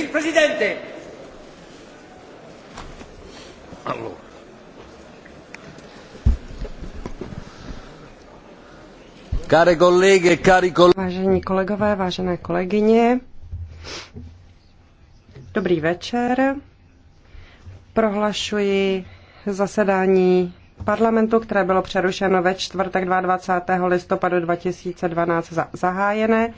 Il Presidente. Allora. Care e cari Vážení kolegové, vážené kolegyně. Dobrý večer. Prohlašuji zasedání parlamentu, které bylo přerušeno ve čtvrtek 22. listopadu 2012 zahájené.